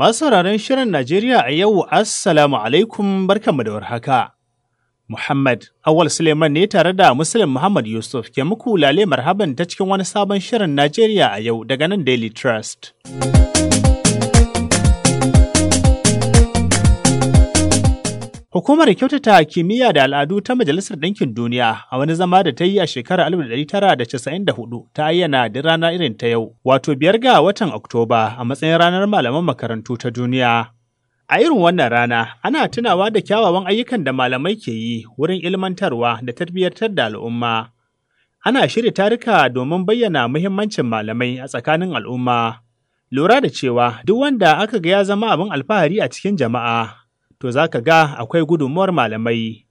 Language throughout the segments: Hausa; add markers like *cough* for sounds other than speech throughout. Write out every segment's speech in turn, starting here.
Masu sauraron Shirin Najeriya a yau, Assalamu alaikum barkanmu da warhaka. Muhammad Awal Suleiman ne tare da Muslim Muhammad Yusuf ke muku lale marhaban ta cikin wani sabon Shirin Najeriya a yau daga nan Daily Trust. Hukumar kyautata kimiyya da al'adu ta Majalisar Ɗinkin Duniya a wani zama da ta yi a shekarar 1994 ta ayyana da rana irin ta yau, wato biyar ga watan Oktoba a matsayin ranar malaman makarantu ta duniya. A irin wannan rana, ana tunawa da kyawawan ayyukan da malamai ke yi wurin ilmantarwa da tarbiyyartar da al'umma. Ana shirya tarika domin bayyana muhimmancin malamai a tsakanin al'umma. Lura da cewa duk wanda aka ga ya zama abin alfahari a cikin jama'a to za ka ga akwai gudunmuwar malamai.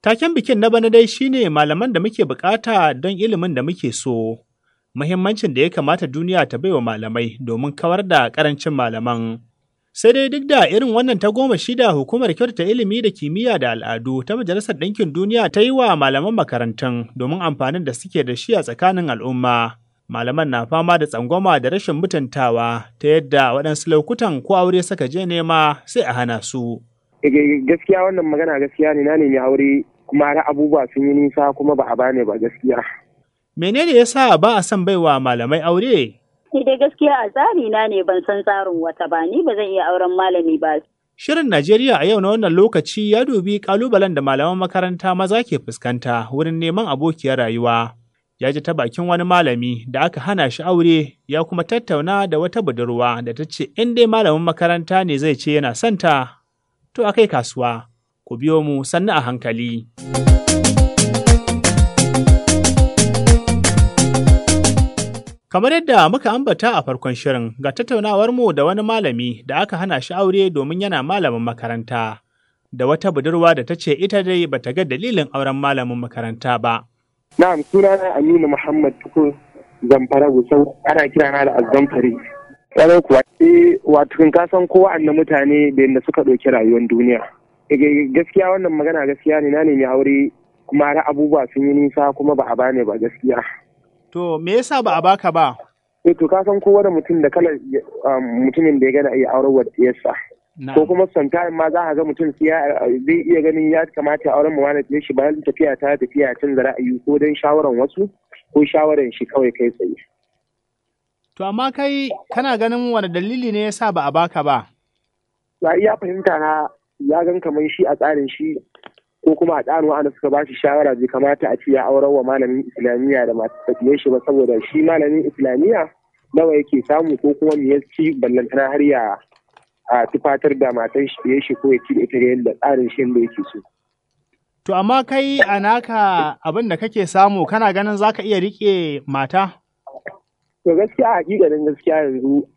Taken bikin na bana dai shine malaman da muke bukata don ilimin da muke so, muhimmancin da ya kamata duniya ta baiwa malamai domin kawar da karancin malaman. Sai dai duk da irin wannan ta goma shida hukumar kyautata ilimi da kimiyya da al'adu ta Majalisar Ɗinkin Duniya ta yi wa malaman makarantun domin amfanin da suke da shi a tsakanin al'umma. malaman na fama da tsangwama da rashin mutuntawa ta yadda waɗansu lokutan ko aure saka je nema sai a hana su. Eh, eh, gaskiya wannan magana gaskiya ne na nemi aure kuma har abubuwa sun yi nisa kuma ba a bane ba gaskiya menene ya sa ba a son baiwa malamai aure ni dai gaskiya a tsari na ne ban san tsarin wata ba ni ba zan iya auren malami ba Shirin Najeriya a yau na wannan lokaci ya dubi kalubalen da malaman makaranta maza ke fuskanta wurin neman abokiyar rayuwa. ya ji ta bakin wani malami da aka hana shi aure ya kuma tattauna da wata budurwa da ta ce in dai malamin makaranta ne zai ce yana santa to a kai kasuwa, ku biyo mu sannu a hankali. Kamar yadda muka ambata a farkon shirin ga tattaunawarmu da wani malami da aka hana shi aure domin yana malamin makaranta, da wata budurwa da ta ce ita dai ba ta ga dalilin auren malamin makaranta ba. Na'am sunana Aminu Muhammad Tukur Zamfara Gusau ana kirana da Azamfari. Ranar kuwa eh wato ka san ko wa'annan mutane da yadda suka ɗauki rayuwar duniya gaskiya wannan magana gaskiya ne na nemi aure kuma har abubuwa sun yi nisa kuma ba a bane ba gaskiya to me yasa ba a baka ba eh to ka san kowa da mutum da kalar um, mutumin da ya gana iya auren wadiyarsa ko kuma sometime ma za a ga mutum zai iya ganin ya kamata auren mu wani shi bayan tafiya ta tafiya da ra'ayi ko don shawaran wasu ko shawaran shi kawai kai tsaye To amma kai kana ganin wani dalili ne ya sa ba a baka ba? Ba iya fahimta na ya gan kamar shi a tsarin shi ko kuma a tsarin wa'anda suka ba shi shawara zai kamata a ce ya aurar wa malamin islamiyya da masu tafiye shi ba saboda shi malamin islamiyya nawa yake samu ko kuma ya ci ballantana har ya tufatar da matan shi fiye shi ko ya ci da ita yadda tsarin shi da yake so. To amma kai a naka abin da kake samu kana ganin zaka iya rike mata? to gaskiya hakikanin gaskiya yanzu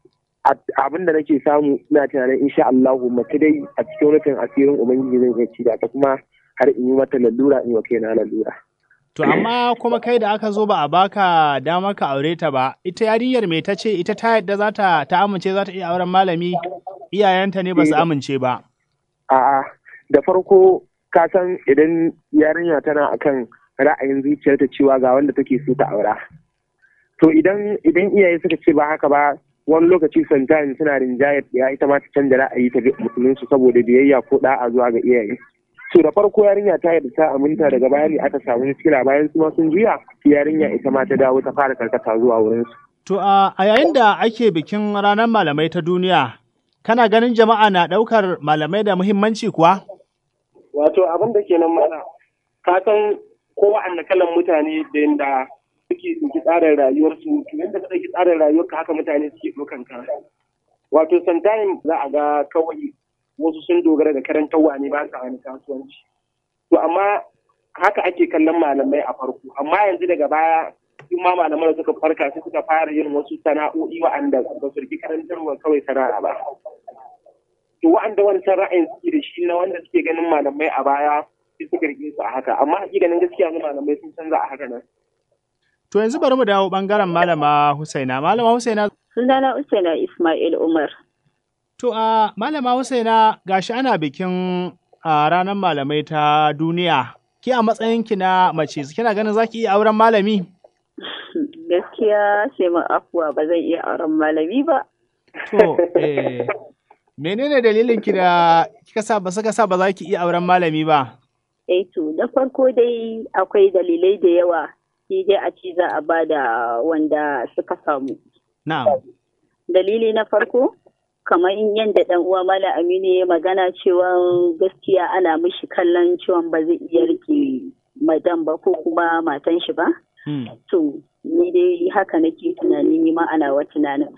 abin da nake samu ina tunanin insha Allahu mace dai a cikin rufin asirin ubangiji zai iya ci da ta kuma har in yi mata lalura in yi na lallura lalura To amma kuma kai da aka zo ba a baka damar ka aure ta ba, ita yarinyar me ta ce ita ta yadda za ta ta amince za ta iya auren malami iyayenta ne ba su eh. amince ba. A'a da farko ka san idan yarinya tana akan ra'ayin zuciyarta cewa ga wanda take so ta aura. to idan idan iyaye suka ce ba haka ba wani lokaci sometimes suna rinjayar ya ita ma ta canza ra'ayi ta musulun su saboda biyayya ko da'a zuwa ga iyaye to da farko yarinya ta yarda ta aminta daga bayani aka samu muskila bayan su ma sun juya yarinya ita ma ta dawo ta fara karkata zuwa wurin su to a yayin da ake bikin ranar malamai ta duniya kana ganin jama'a na daukar malamai da muhimmanci kuwa wato abin da kenan mana ka san kowa kalan mutane da yanda suke ɗauki tsarin rayuwarsu to yadda ka ɗauki tsarin ka, haka mutane suke ɗaukan ka wato sometime za a ga kawai wasu sun dogara da karantarwa ne ba sa wani kasuwanci to amma haka ake kallon malamai a farko amma yanzu daga baya in ma malamai da suka farka sai suka fara yin wasu sana'o'i wa'anda ba su riki karantarwa kawai sana'a ba to wa'anda wancan ra'ayin suke da shi na wanda suke ganin malamai a baya sai suka rike su a haka amma hakikanin gaskiya malamai sun canza a haka nan To yanzu bari mu dawo ɓangaren Malama Husaina. Malama Husaina. Sunana Husaina Ismail Umar. To a Malama Husaina gashi ana bikin a ranar malamai ta duniya. ki a matsayinki na mace kina ganin zaki iya auren malami? Gaskiya ce min afuwa ba zan iya auren malami ba. To eh menene dalilin ki da kika sa ba saka sa ba za ki iya auren malami ba? Eh to na farko dai akwai dalilai da yawa sai dai a ce za a ba da wanda suka samu. Dalili na farko, kamar yadda ɗan uwa Mala Aminu ya magana cewa gaskiya ana mishi kallon ciwon ba zai iya rike madan ba ko kuma matan shi ba. Hmm. To, ni dai haka nake tunani ni ma ana wa tunanin.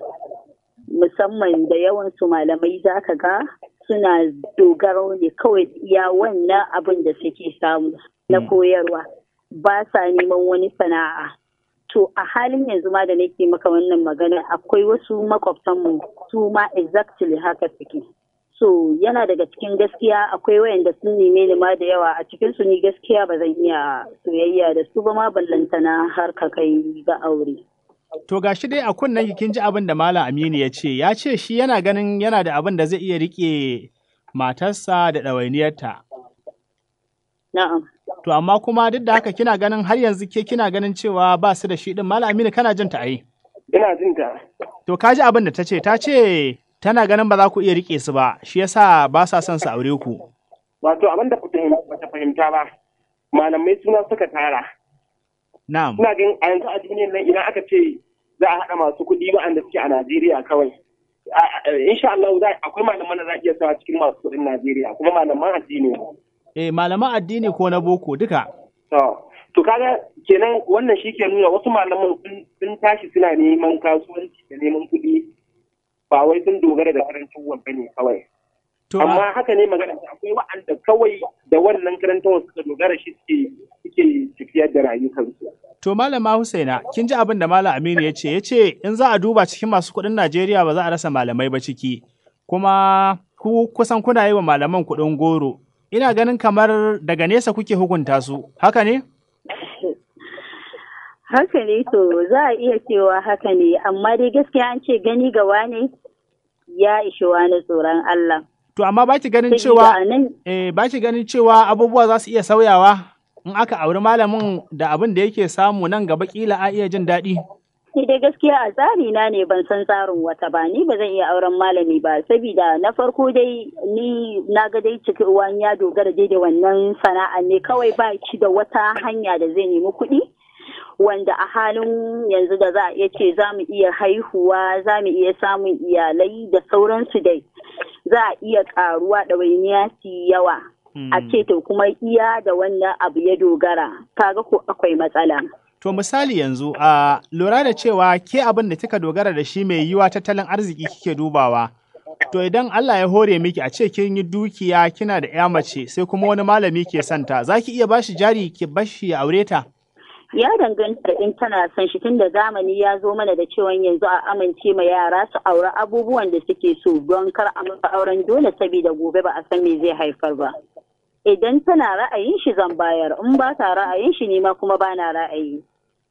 Musamman da yawan su malamai za ka ga suna dogaro ne kawai iya wannan abin da suke samu na hmm. koyarwa. ba sa neman wani sana'a to a halin yanzu ma da nake maka wannan magana akwai wasu makwabtanmu su ma exactly haka suke so yana daga cikin gaskiya akwai wayanda sun neme ni ma da yawa a cikin su ni gaskiya ba zan iya soyayya da su ba ma ballantana har ka kai ga aure To gashi dai a kunnen kin ji abin da Malam Aminu ya ce, ya ce shi yana ganin yana da abin da zai iya rike matarsa da ɗawainiyarta. Na'am. To amma kuma duk da haka kina ganin har yanzu ke kina ganin cewa ba su da shi din Malam Aminu kana jin ta ai? Ina jin ta. To ka ji abin da ta ce, ta ce tana ganin ba za ku iya rike su ba, shi yasa ba sa son su aure ku. Wato abin da ba ta fahimta ba, malamai suna suka tara. Na'am. Ina ganin a yanzu a duniyar nan idan aka ce za a haɗa masu kuɗi waɗanda suke a Najeriya kawai. Insha Allah akwai malaman da za a iya sawa cikin masu kuɗin Najeriya kuma malaman addini ne. Eh malaman addini ko na boko duka. To kaga kenan wannan shi ke nuna wasu malaman sun tashi suna neman kasuwanci da neman kuɗi ba wai sun dogara da karancin wanda ne kawai. Amma haka ne magana akwai wa'anda kawai da wannan karantar suka dogara shi suke tafiyar da rayukansu. To Malama Husaina, kin ji abin da Malam Aminu ya ce, ya ce in za a duba cikin masu kuɗin Najeriya ba za a rasa malamai ba ciki, kuma ku kusan kuna yi wa malaman kuɗin goro, Ina ganin kamar daga nesa kuke hukunta su, haka ne? Haka ne to za a iya cewa haka ne, amma dai gaskiya an ce gani gawa ne ya ishe wani tsoron Allah. To amma ba ki ganin cewa eh, ganin cewa abubuwa za su iya sauyawa in aka auri malamin da abin da yake samu nan gaba kila a iya jin daɗi. Ni dai gaskiya a tsari na ne ban san tsarin wata ba ni ba zan iya auren malami ba saboda na farko dai ni na ga dai cikin uwan ya dogara dai da wannan sana'a ne kawai ba shi da wata hanya da zai nemi kuɗi wanda a halin yanzu da za a iya ce za mu iya haihuwa za mu iya samun iyalai da sauransu dai za a iya karuwa ɗawainiya su yawa a hmm. ce to kuma iya da wannan abu ya dogara kaga ko akwai matsala. To misali yanzu a lura da cewa ke abin da kika dogara da shi mai yiwa tattalin arziki kike dubawa. To idan Allah ya hore miki a ce kin yi dukiya kina da ya mace sai kuma wani malami ke santa za ki iya bashi jari ki bashi ya aure ta? Ya danganta da in tana son shi tun da zamani ya zo mana da cewa yanzu a amince ma yara su aure abubuwan da suke so don kar a maka auren dole saboda gobe ba a san me zai haifar ba. Idan tana ra'ayin shi zan bayar in ba ta ra'ayin shi ne ma kuma ba na ra'ayi.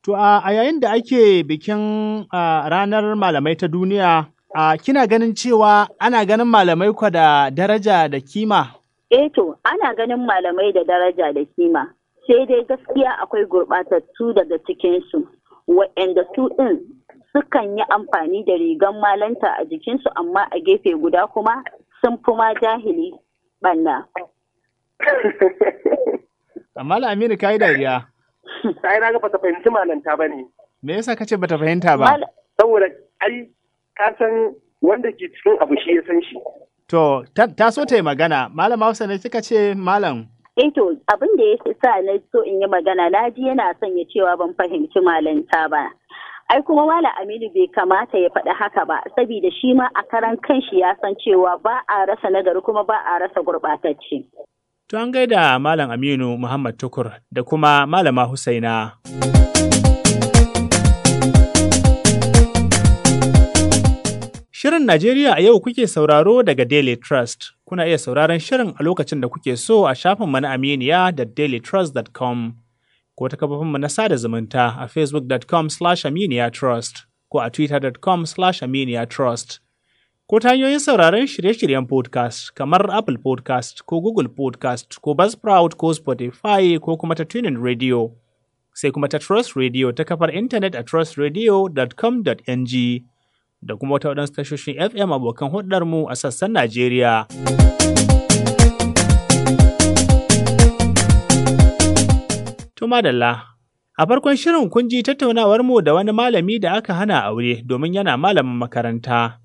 To a yayin da ake bikin ranar malamai ta duniya, kina ganin cewa ana ganin malamai kwa da daraja da kima? Eh to, ana ganin malamai da daraja da kima. Sai dai gaskiya akwai gurɓatattu daga cikinsu, waɗanda su ɗin sukan yi amfani da rigan malanta a jikinsu amma a gefe guda kuma sun fi ma jahili ɓanna. Amma Aminu ka yi dariya. sai *laughs* na ga bata fahimci malanta bane me yasa kace bata fahimta ba saboda ai ka san wanda ke cikin abu shi ya san shi to ta so ta yi magana malam Hausa ne kika ce malam eh to abin da ya sa na so in yi magana na ji yana son ya cewa ban fahimci malanta ba ai kuma wala aminu bai kamata ya faɗi haka ba saboda shi ma a karan kanshi ya san cewa ba a rasa nagari kuma ba a rasa gurɓatacce To an gaida Malam Aminu Muhammad Tukur da kuma Malama Husaina. Shirin Najeriya a yau kuke sauraro daga Daily Trust. Kuna iya sauraron shirin a lokacin da kuke so a shafinmu na Aminiya da dailytrust.com ko ta kafofinmu na sada zumunta a facebook.com slash aminiya trust ko a twitter.com slash aminiya trust. ko ta hanyoyin sauraron shirye-shiryen podcast kamar Apple podcast ko Google podcast ko Buzzsprout ko Spotify ko kuma ta tunin radio. Sai kuma ta Trust Radio ta kafar intanet a trustradio.com.ng da kuma wata waɗansu tashoshin FM abokan mu a sassan Najeriya. Tuma A farkon shirin kun ji tattaunawar mu da wani malami da aka hana aure domin yana malamin makaranta.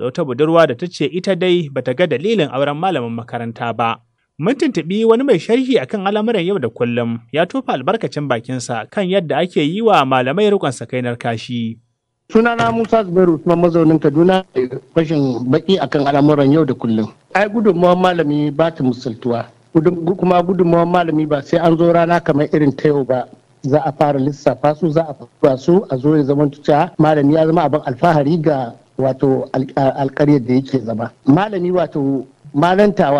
da wata budurwa da ta ce ita dai bata ga dalilin auren malamin makaranta ba. Mun tuntuɓi wani mai sharhi akan al'amuran yau da kullum ya tofa albarkacin bakinsa kan yadda ake yi wa malamai rikon sakainar kashi. Sunana Musa Zubairu kuma mazaunin Kaduna rashin baki akan al'amuran yau da kullum. Ai gudunmawar malami ba ta musultuwa. Kuma gudunmawar malami ba sai an zo rana kamar irin ta yau ba. Za a fara lissafa su za a fara su a zo ya zama malami ya zama abin alfahari ga wato alƙaryar da yake zama malami wato malanta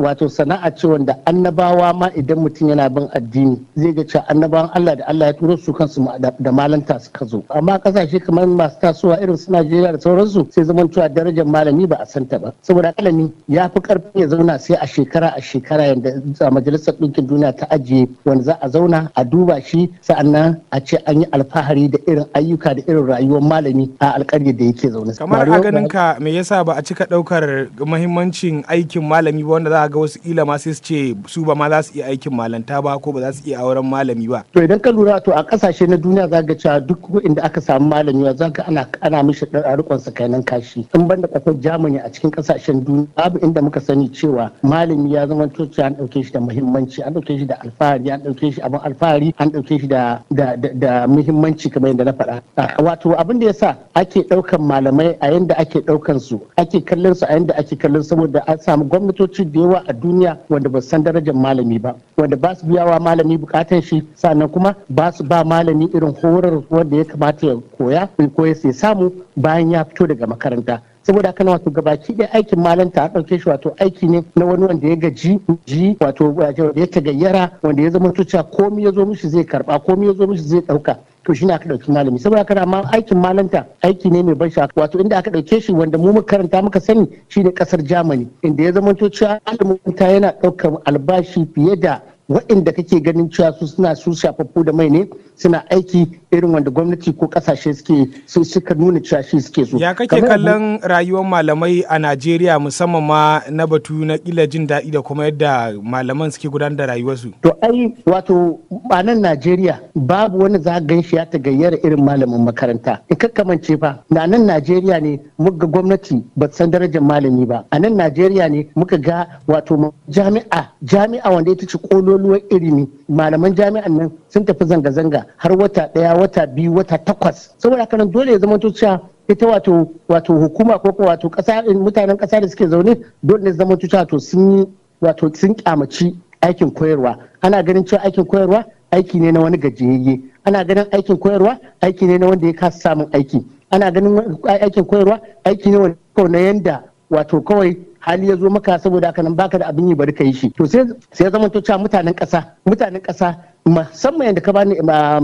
wato sana'a ce wanda annabawa ma idan mutum yana bin addini zai ga cewa annabawan Allah da Allah ya turo su kansu da malanta suka zo amma kasashe kamar masu tasowa irin su Najeriya da sauransu sai zaman cewa darajar malami ba a santa ba saboda kalami ya fi karfi ya zauna sai a shekara a shekara yanda a majalisar ɗinkin duniya ta ajiye wanda za a zauna a duba shi sa'annan a ce an yi alfahari da irin ayyuka da irin rayuwar malami a alƙaryar da yake zaune. kamar a ganin ka me yasa ba a cika ɗaukar muhimmancin yin aikin malami ba wanda za a ga wasu ila ma sai su ce su ba ma za su iya aikin malanta ba ko ba za su iya auren malami ba to idan ka lura to a kasashe na duniya za ga cewa duk inda aka samu malami za ga ana ana mishi rikon nan kashi in banda kasar jamani a cikin kasashen duniya babu inda muka sani cewa malami ya zama coci an dauke shi da muhimmanci an dauke shi da alfahari an dauke shi abin alfahari an dauke shi da da muhimmanci kamar yadda na faɗa wato abin da yasa ake daukan malamai a yanda ake daukan su ake kallon su a yanda ake kallon saboda an samu gwamnatoci da yawa a duniya wanda ba san darajar malami ba wanda ba su biyawa malami bukatan shi sannan kuma ba su ba malami irin horar wanda ya kamata ya koya ko ya samu bayan ya fito daga makaranta saboda haka wato gabaki ɗaya aikin malam ta ɗauke shi wato aiki ne na wani wanda ya gaji ji wato ya tagayyara wanda ya zama tuca komi ya zo mishi zai karba komi ya zo mishi zai ɗauka to shine aka dauki malami saboda haka ma aikin malanta aiki ne mai ban sha'awa wato inda aka ɗauke shi wanda mu karanta muka sani shine kasar Germany inda ya zama to cewa malamin ta yana ɗaukar albashi fiye da waɗanda kake ganin cewa su suna su shafaffu da mai ne suna aiki irin wanda gwamnati ko kasashe suke su suka nuna cewa shi suke so ya kake kallon rayuwar malamai a Najeriya musamman ma na batu na kila jin daɗi da kuma yadda malaman suke gudanar da rayuwarsu to ai wato a nan Najeriya babu wani za ka ya ta gayyara irin malamin makaranta in ka kamance fa na nan Najeriya ne muka gwamnati ba san darajar malami ba a nan Najeriya ne muka ga wato jami'a jami'a wanda ita ce kololuwar ilimi malaman jami'an nan sun tafi zanga-zanga har wata ɗaya wata biyu wata takwas saboda haka nan dole ya zama cewa ita wato wato hukuma ko kuma wato kasa mutanen kasa da suke zaune dole ne zama cewa to sun yi wato sun kyamaci aikin koyarwa ana ganin cewa aikin koyarwa aiki ne na wani gajiyayye ana ganin aikin koyarwa aiki ne na wanda ya kasa samun aiki ana ganin aikin koyarwa aiki ne wanda na yanda wato kawai hali ya zo maka saboda haka nan baka da abin yi bari ka yi shi to sai sai zama to cewa mutanen kasa mutanen ƙasa musamman yadda ka bani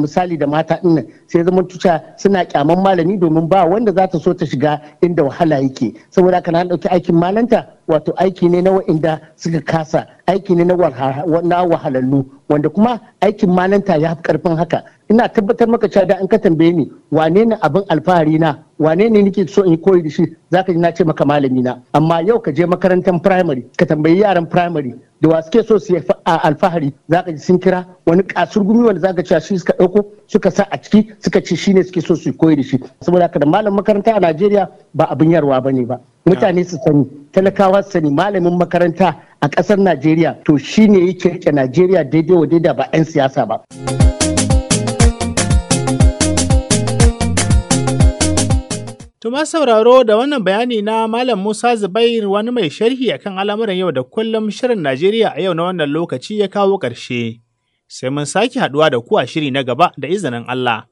misali da mata din nan sai zaman cewa suna kyaman malami domin ba wanda za ta so ta shiga inda wahala yake saboda haka na dauki aikin malanta wato aiki ne na wa'inda suka kasa aiki ne na wahalallu wanda kuma aikin mananta ya fi karfin haka ina tabbatar maka cewa da an ka tambaye ni wane ne abin alfahari na wane ne nake so in koyi da shi zaka ji na ce maka malami na amma yau ka je makarantar primary ka tambayi yaran primary da wa suke so su yi alfahari za ka ji sun kira wani kasur gumi wanda za ka a shi suka ɗauko suka sa a ciki suka ce shi ne suke so su koyi da shi saboda haka da malam makaranta a najeriya ba abin yarwa ba ne ba mutane su sani talakawa su sani malamin makaranta a ƙasar najeriya to shi ne yake rike najeriya daidai wa daidai ba 'yan siyasa ba. Tuma sauraro da wannan bayani na Malam Musa Zubair wani mai sharhi akan al'amuran yau da kullum shirin Najeriya a yau na wannan lokaci ya kawo ƙarshe. Sai mun sake haɗuwa da ku a shiri na gaba da izinin Allah.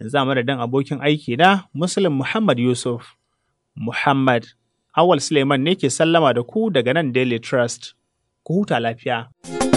Yanzu a madadin abokin aiki na Muslim Muhammad Yusuf. Muhammad Awal Suleiman ne ke sallama da ku daga nan Daily Trust. Ku huta lafiya.